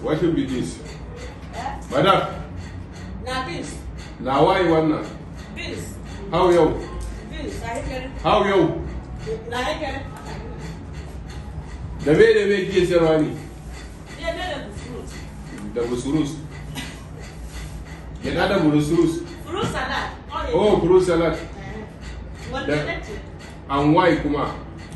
What should be this? Eh? Madam. Na beans. Na why wannan? Beans. How you? This. na hikari. How yau? Na hikari. The way da me kike sayarwa ne? Da me da busurus. Da busurus. Yana da busurus. Fruit salad. Oh, fruit salad. What you like? And why kuma?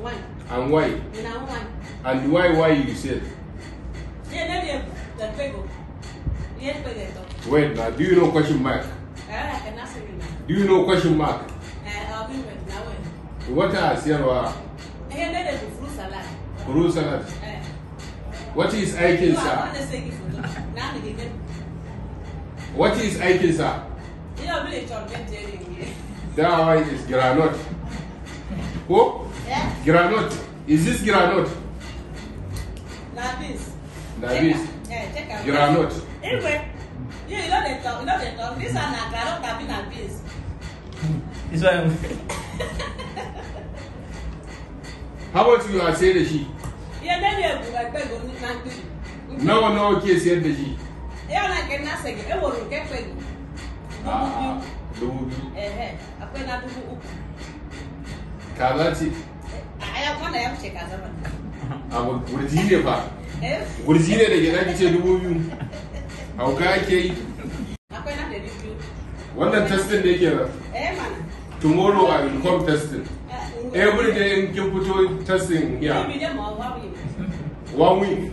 Why? And why? And why why you said? Facebook. Wait, now, do you know question mark? Uh, I cannot say Do you know question mark? Uh, what else? Yeah, fruit salad. Fruit salad. Uh, eh. what is Aikin, no, sir? what is Aikin, sir? That one is granite. Who? Yeah. Granite. Is this granite? Navis. Navis. Yeah, check out. You are not. Anyway, you, know they talk, you know they talk. This one na groundnut and bean and beans. This one. How about you are saying that she? Yeah, maybe eh, I will buy go na ngbi. No, no, ke sayar da shi. Yeah, na ke na sege, e ke fe. Ah, Eh, eh, na dubu uku. Kaza ce. A ya kwana A wurji gurji ne da gida ce dubu biyu hauka ke yi akwai na da biyu wannan testin ne ke nan eh, tomorrow i will come testing eh, eh, every day in kin fito testing ya one week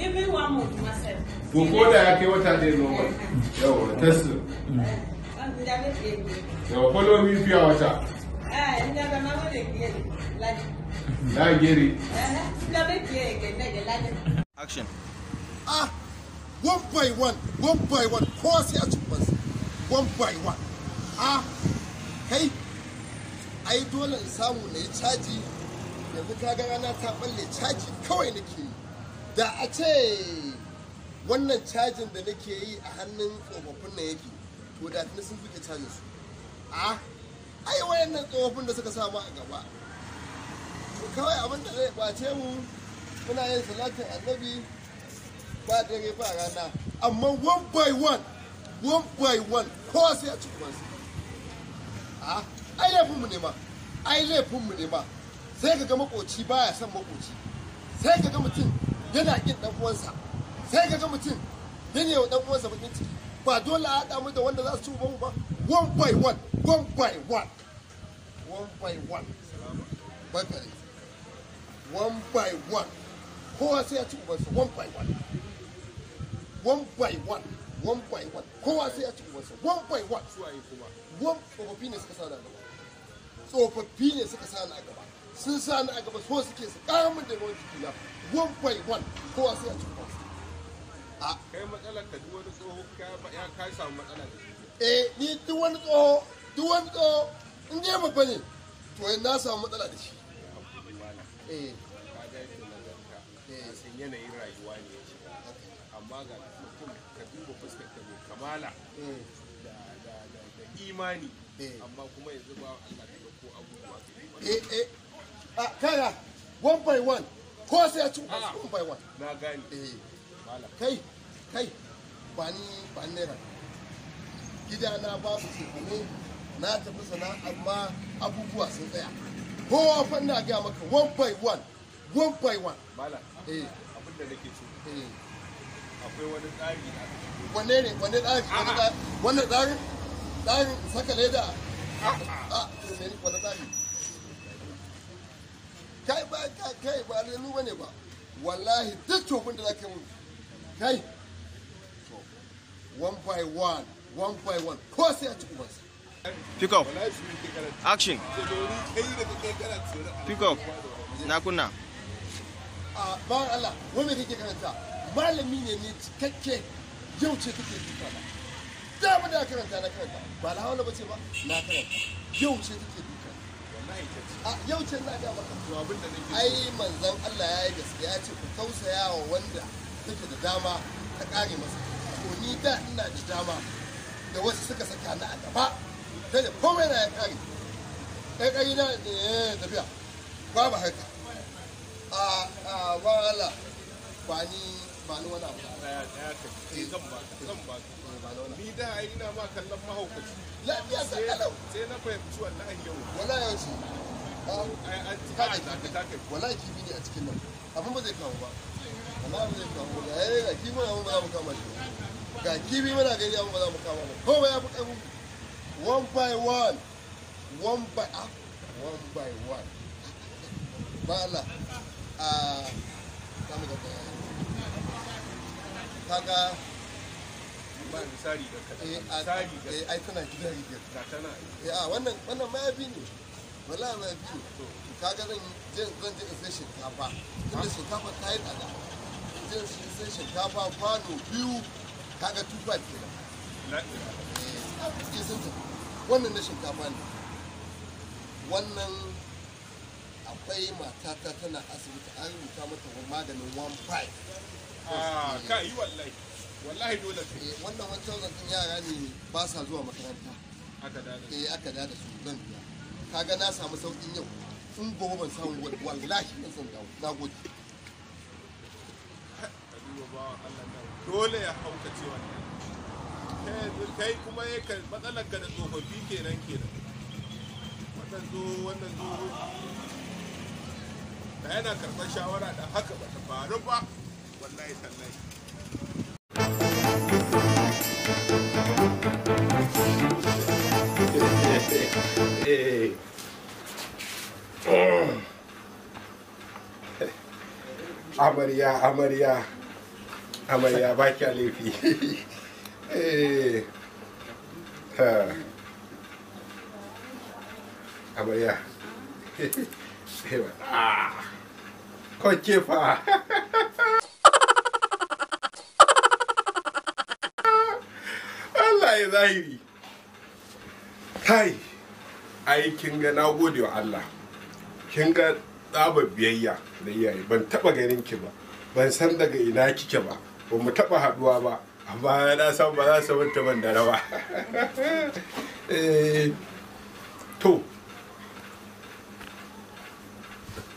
every one month myself to ko da ya kai wata ɗaya noma yawa testing yawa follow me fiya wata eh ina ga na wani I get it. Action. Ah, one by one, one by one, cross your chupas, one by one. Ah, hey, ai dole in samu na caji yanzu ka ga rana ta balle caji kawai nake yi da a ce wannan cajin da nake yi a hannun tsofaffin na yake to da tuni sun fike cajin su a ah, ai wayannan tsofaffin da suka samu a gaba kawai abin da zai ɓace mu muna yin salatin annabi ba dare ba rana amma one by one one by one kowa sai ya ci kumansa a ai laifinmu ne ma ai laifinmu ne ma sai ka ga makoci baya son makoci sai ka ga mutum yana kin dan uwansa sai ka ga mutum yana yau dan uwansa bakin ciki ba dole a haɗa mu da wanda za su ci mu ba one by one one by one one by one bakare one by one Who sai ya ci one by one one by one one by one Who sai ya ci one by one kuma one tsofaffi ne suka sa na gaba tsofaffi sa na gaba sun sa na gaba so suke su kamun da ruwan one by one kowa sai ya a kai matsalar ka wani ya kai samu matsala eh ni duk wani tsoho duk wani tsoho Never to na samu matsala da shi eh kaga eh. yadda na ganka na san yanayin rayuwa ne ya shiga amma ga mutum ka duba fuskar mai kamala eh. da imani eh. amma kuma yanzu ba Allah ta ko abubuwa eh eh a ah, kaga one by one ko sai ya ci one by one na gane eh kai kai ba ni ba naira gidana babu shekaru na tafi sana'ar amma abubuwa sun tsaya kowa fa ina gaya maka one by one one by one malam eh abin da nake so eh akwai wani tsari wanne ne wanne tsari wani tsari wannan tsarin tsarin saka leda a a me wani tsari kai ba kai ba ne mu bane ba wallahi duk tofin da zaka yi kai one by one one by one ko sai a ci ubansa Peacock. Action. Peacock. Na kunna. A ah, bawar Allah, Wani me kake karanta? Malami ne ne cikakke yau ce kake duka Da mu da karanta na karanta. Ba la ba ce ba, na karanta. Yau ce kake duka A ah, yau ce za ga maka to abin da Ai manzon Allah ya yi gaske ya ce ku tausaya wa wanda take da dama ta kare masa. Ko ni da ina da dama da wasu suka saka ni a gaba. dole komai na ya kare ƙaiƙayi na da ya eh, tafiya babu haka a a ba Allah ba ni ba ni wani abu daya daya ka eh, zan ba zan ba eh, ni da ai ina ma kallon mahaukaci lafiya sai kalau sai na fahimci wallahi yau Wala yau shi wallahi kifi ne a cikin nan abin ba zai kawo ba wallahi ba zai kawo ba ga kifi mana abin ba za mu kama shi ga kifi mana gari abin ba za mu kama ba ko ba ya fi ƙarfin one by one one by ah, one by one bala a ah, samu da kaga misali eh, ah, da kada misali da ai tana gidan rigar ga tana eh a ah, wannan wannan mayafi ne wala mayafi ne kaga zan je zan je sai shinkafa tunda shinkafa ta yi tsada je sai shinkafa kwano biyu kaga tufa kenan na eh sun tafi wannan na shinkafa ne wannan akwai matata tana asibiti an rubuta mata maganin one five ah ka yi wallahi wallahi dole ne. Eh, wannan wancan zantin yara ne ba sa zuwa makaranta da eh aka da su zan biya kaga na samu saukin yau sun gobe ban samu wallahi na zan dawo na gode dole ya hauka ce wannan Eh, kai kuma matsalar ka da tsofaffi kenan kenan wannan zo wannan zo da yana karɓar shawara da haka ba ta faru ba wallahi tallahi amarya amarya amarya ba kya laifi eh ha amarya ah. fa Allah ya zahiri kai ai kin ga na gode wa Allah kin ga tsaba biyayya da iyaye ban taba ganin ki ba ban san daga ina kike ba ba mu taba haduwa ba amma na san ba za su mutu ban da rawa eh, to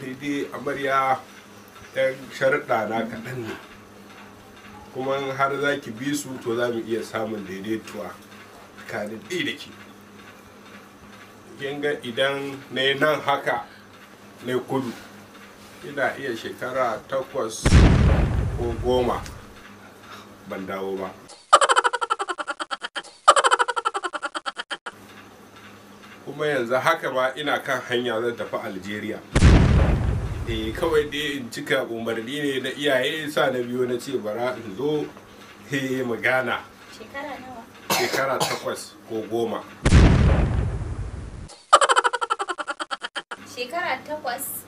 daidai amarya yan sharɗa na kaɗan ne kuma har za ki bi su to za mu iya samun daidaituwa tsakanin ɗi da ke ga idan na yi nan haka na kudu ina iya shekara takwas ko goma ban dawo ba kuma yanzu haka ba ina kan hanya zan tafi algeria eh kawai dai in cika umarni ne na iyaye sa na biyo na ce bara in zo he eh, mu gana shekara nawa shekara takwas ko goma shekara takwas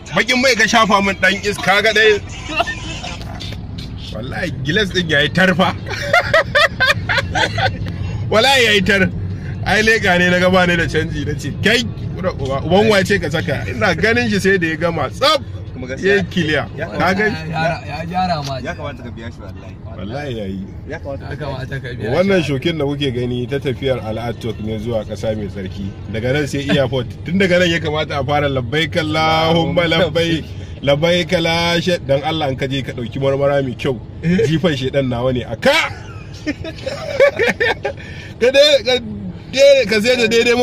bakin mai ka shafa min dan iska ga dai wallahi gilas din yayi tarfa wallahi yayi tar ai leka ne na gaba ne da canji na ce kai uban wace ka saka ina ganin shi sai da ya gama tsaf kuma gaskiya yayi kiliya ka ga ya gyara ma ya kamata ka biya shi wallahi wallahi yayi ya kamata ka biya wannan shokin da kuke gani ta tafiyar al'atok ne zuwa kasa mai tsarki daga nan sai airport tun daga nan ya kamata a fara labbaik Allahumma labbaik labbaik la dan Allah an kaje ka dauki marmara mai kyau eh. jifan shedan nawa ne aka ka dai ka sai da daidai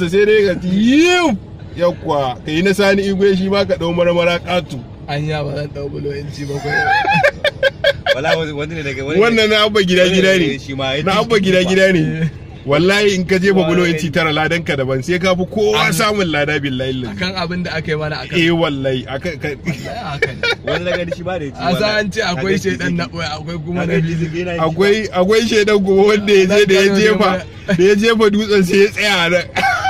sa sai dai ka yiwu yakwa ka yi na sani igwe shi ma ka ɗau marmara ƙatu an yi ba zan ɗau bulo inci ba wala wannan na abba gida gida ne na abba gida gida ne wallahi in ka jefa bulo yanci tara ladan ka daban sai ka fi kowa samun lada billahi lillahi akan abin da aka yi mana akan eh wallahi akan wani daga shi ba da a sa an ce akwai shedan na akwai kuma na akwai akwai shedan kuma wanda ya je da ya jefa da ya jefa dutsen sai ya tsaya nan